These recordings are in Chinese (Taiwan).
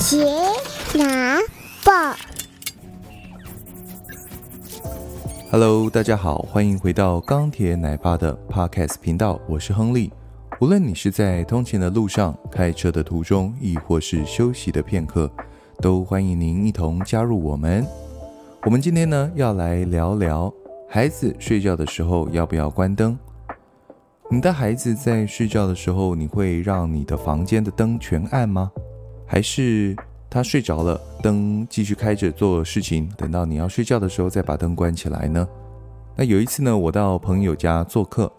《杰拿報》Hello，大家好，歡迎回到鋼鐵奶爸的 Podcast 頻道，我是亨利。無論你是在通勤的路上、開車的途中，亦或是休息的片刻，都歡迎您一同加入我們。我們今天呢，要來聊聊孩子睡覺的時候要不要關燈。你的孩子在睡覺的時候，你會讓你的房間的燈全暗嗎？還是他睡着了，燈繼續開着做事情。等到你要睡覺的時候，再把燈關起來呢？那有一次呢，我到朋友家做客，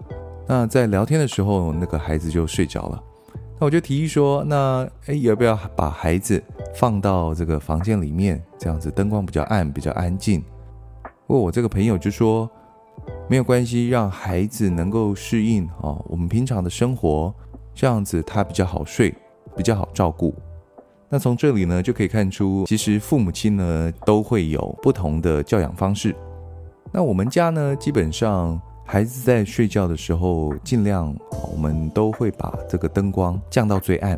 那在聊天的時候，那個孩子就睡着了。那我就提議說：“那誒，要不要把孩子放到這個房間裡面，這樣子燈光比較暗，比較安靜？”不過我這個朋友就說：“沒有關係，讓孩子能夠適應啊、哦，我們平常的生活這樣子，他比較好睡，比較好照顧。”那從這裡呢，就可以看出，其實父母親呢，都會有不同的教養方式。那我們家呢，基本上孩子在睡覺的時候，盡量我們都會把這個燈光降到最暗。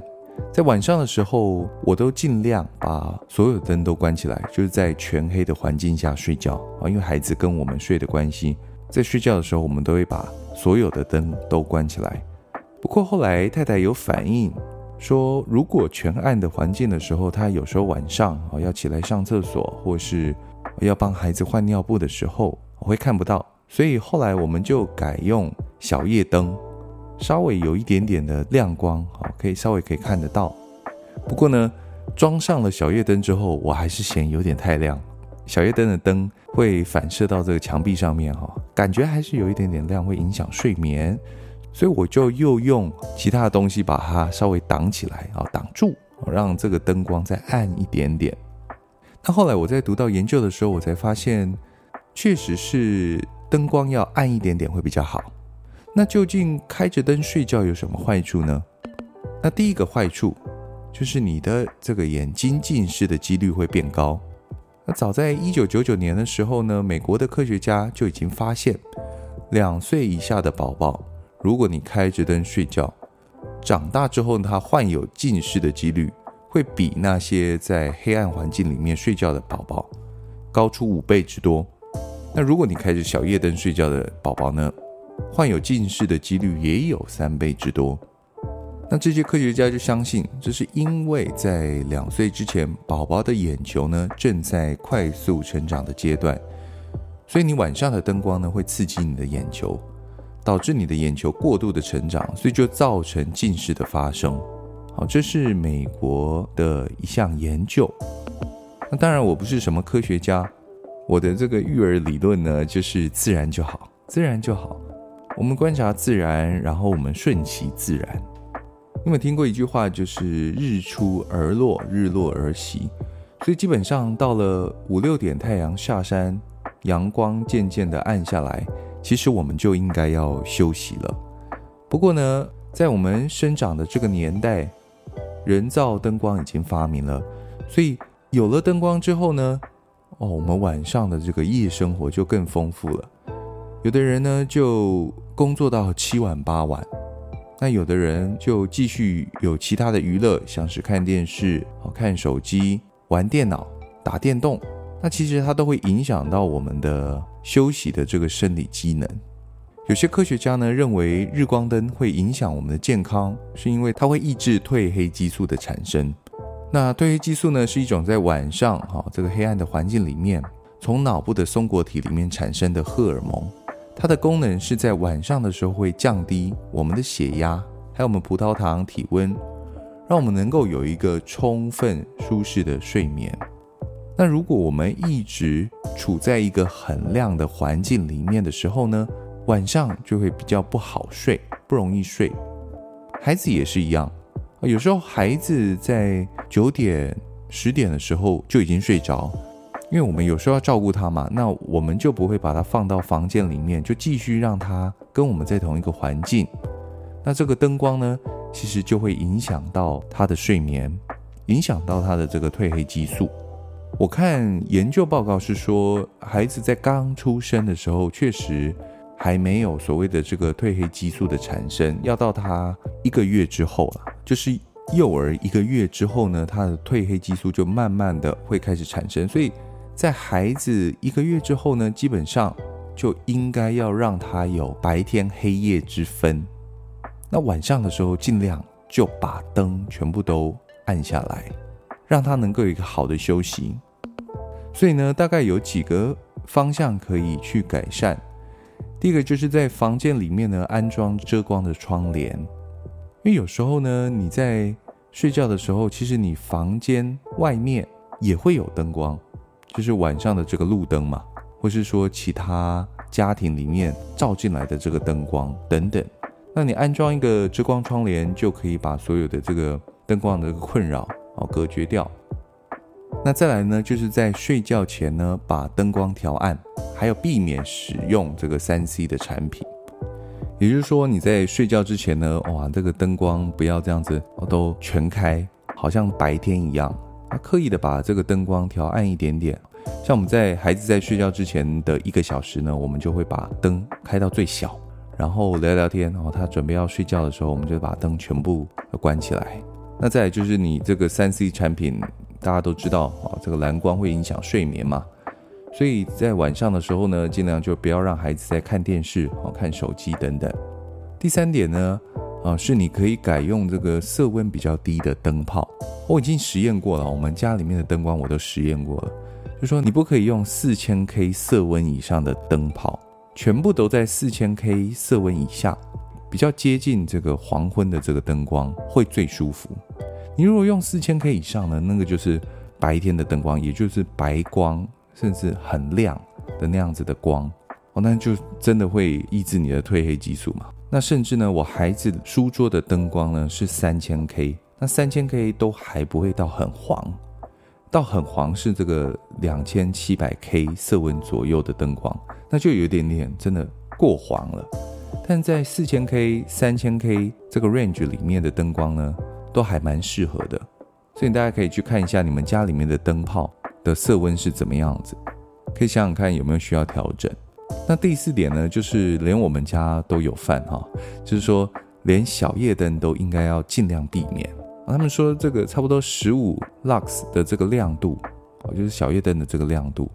在晚上的時候，我都盡量把所有燈都關起來，就是在全黑的環境下睡覺啊。因為孩子跟我們睡的關係，在睡覺的時候，我們都會把所有的燈都關起來。不過後來太太有反應。說，如果全暗的環境的時候，他有時候晚上啊、哦、要起來上廁所，或是要幫孩子換尿布的時候，會看不到。所以後來我們就改用小夜燈，稍微有一點點的亮光，哈、哦，可以稍微可以看得到。不過呢，裝上了小夜燈之後，我還是嫌有點太亮。小夜燈的燈會反射到這個牆壁上面，哈、哦，感覺還是有一點點亮，會影響睡眠。所以我就又用其他的東西把它稍微擋起來啊，然後擋住，讓這個燈光再暗一點點。那後來我在讀到研究的時候，我才發現，確實是燈光要暗一點點會比較好。那究竟開着燈睡覺有什麼壞處呢？那第一個壞處就是你的這個眼睛近視的幾率會變高。那早在一九九九年的時候呢，美國的科學家就已經發現，兩歲以下的寶寶，如果你開着燈睡覺，長大之後呢，他患有近視的幾率會比那些在黑暗環境裡面睡覺的寶寶高出五倍之多。那如果你開着小夜燈睡覺的寶寶呢，患有近視的幾率也有三倍之多。那這些科學家就相信，這是因為在兩歲之前，寶寶的眼球呢正在快速成長的階段，所以你晚上的燈光呢會刺激你的眼球。導致你的眼球過度的成長，所以就造成近視的發生。好，這是美國的一項研究。那當然，我不是什麼科學家，我的這個育兒理論呢，就是自然就好，自然就好。我們觀察自然，然後我們順其自然。你有沒有聽過一句話，就是日出而落，日落而息。所以基本上到了五六點，太陽下山，陽光漸漸的暗下來。其實我們就應該要休息了。不過呢，在我們生長的這個年代，人造燈光已經發明了，所以有了燈光之後呢，哦，我們晚上的這個夜生活就更豐富了。有的人呢就工作到七晚八晚，那有的人就繼續有其他的娛樂，像是看電視、看手機、玩電腦、打電動，那其實它都會影響到我們的。休息的這個生理機能，有些科學家呢認為日光燈會影響我們的健康，是因為它會抑制褪黑激素的產生。那褪黑激素呢是一種在晚上哈、哦、這個黑暗的環境裡面，從腦部的松果體裡面產生的荷爾蒙，它的功能是在晚上的時候會降低我們的血壓，還有我們葡萄糖體溫，讓我們能夠有一個充分舒適的睡眠。那如果我們一直處在一個很亮的環境裡面的時候呢，晚上就會比較不好睡，不容易睡。孩子也是一樣，有時候孩子在九點、十點的時候就已經睡着，因為我們有時候要照顧他嘛，那我們就不會把他放到房間裡面，就繼續讓他跟我們在同一個環境。那這個燈光呢，其實就會影響到他的睡眠，影響到他的這個褪黑激素。我看研究報告是說，孩子在剛出生的時候確實還沒有所謂的這個褪黑激素的產生，要到他一個月之後了，就是幼兒一個月之後呢，他的褪黑激素就慢慢的會開始產生，所以在孩子一個月之後呢，基本上就應該要讓他有白天黑夜之分，那晚上的時候儘量就把燈全部都暗下來。讓他能夠有一個好的休息，所以呢，大概有幾個方向可以去改善。第一個就是在房間裡面呢，安裝遮光的窗簾，因為有時候呢，你在睡覺的時候，其實你房間外面也會有燈光，就是晚上的這個路燈嘛，或是說其他家庭裡面照進來的這個燈光等等。那你安裝一個遮光窗簾，就可以把所有的這個燈光的困擾。哦，隔絕掉。那再來呢，就是在睡覺前呢，把燈光調暗，還有避免使用這個三 C 的產品。也就是說，你在睡覺之前呢，哇，這個燈光不要這樣子哦，都全開，好像白天一樣。啊、刻意的把這個燈光調暗一點點。像我們在孩子在睡覺之前的一個小時呢，我們就會把燈開到最小，然後聊聊天。然後、哦、他準備要睡覺的時候，我們就把燈全部都關起來。那再來就是你這個 3C 產品，大家都知道啊，這個藍光會影響睡眠嘛，所以在晚上的時候呢，盡量就不要讓孩子在看電視、看手機等等。第三點呢，啊，是你可以改用這個色溫比較低的燈泡。我已經實驗過了，我們家裡面的燈光我都實驗過了，就說你不可以用 4000K 色溫以上的燈泡，全部都在 4000K 色溫以下，比較接近這個黃昏的這個燈光會最舒服。你如果用四千 K 以上呢，那個就是白天的燈光，也就是白光，甚至很亮的那樣子的光哦，那就真的會抑制你的褪黑激素嘛。那甚至呢，我孩子書桌的燈光呢是三千 K，那三千 K 都還不會到很黃，到很黃是這個兩千七百 K 色溫左右的燈光，那就有一點點真的過黃了。但在四千 K、三千 K 這個 range 裡面的燈光呢，都還蠻適合的，所以大家可以去看一下你們家裡面的燈泡的色溫是怎麼樣子，可以想想看有沒有需要調整。那第四點呢，就是連我們家都有犯哈，就是說連小夜燈都應該要盡量避免。他們說這個差不多十五 lux 的這個亮度，哦，就是小夜燈的這個亮度，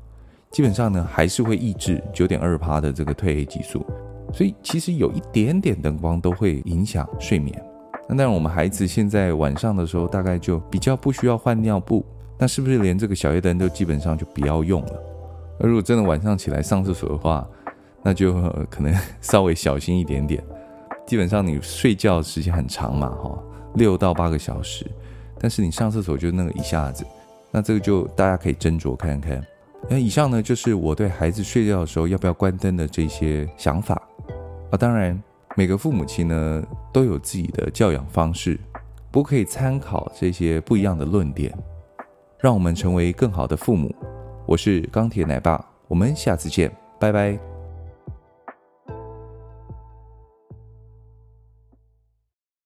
基本上呢還是會抑制九點二趴的這個褪黑激素，所以其實有一點點燈光都會影響睡眠。那當然，我們孩子現在晚上的時候，大概就比較不需要換尿布，那是不是連這個小夜燈都基本上就不要用了？那如果真的晚上起來上廁所的話，那就可能稍微小心一點點。基本上你睡覺時間很長嘛，哈、哦，六到八個小時，但是你上廁所就那個一下子，那這個就大家可以斟酌看看。那以上呢，就是我對孩子睡覺的時候要不要關燈的這些想法啊、哦，當然。每個父母親呢，都有自己的教養方式，不過可以參考這些不一樣的論點，讓我們成為更好的父母。我是鋼鐵奶爸，我們下次見，拜拜。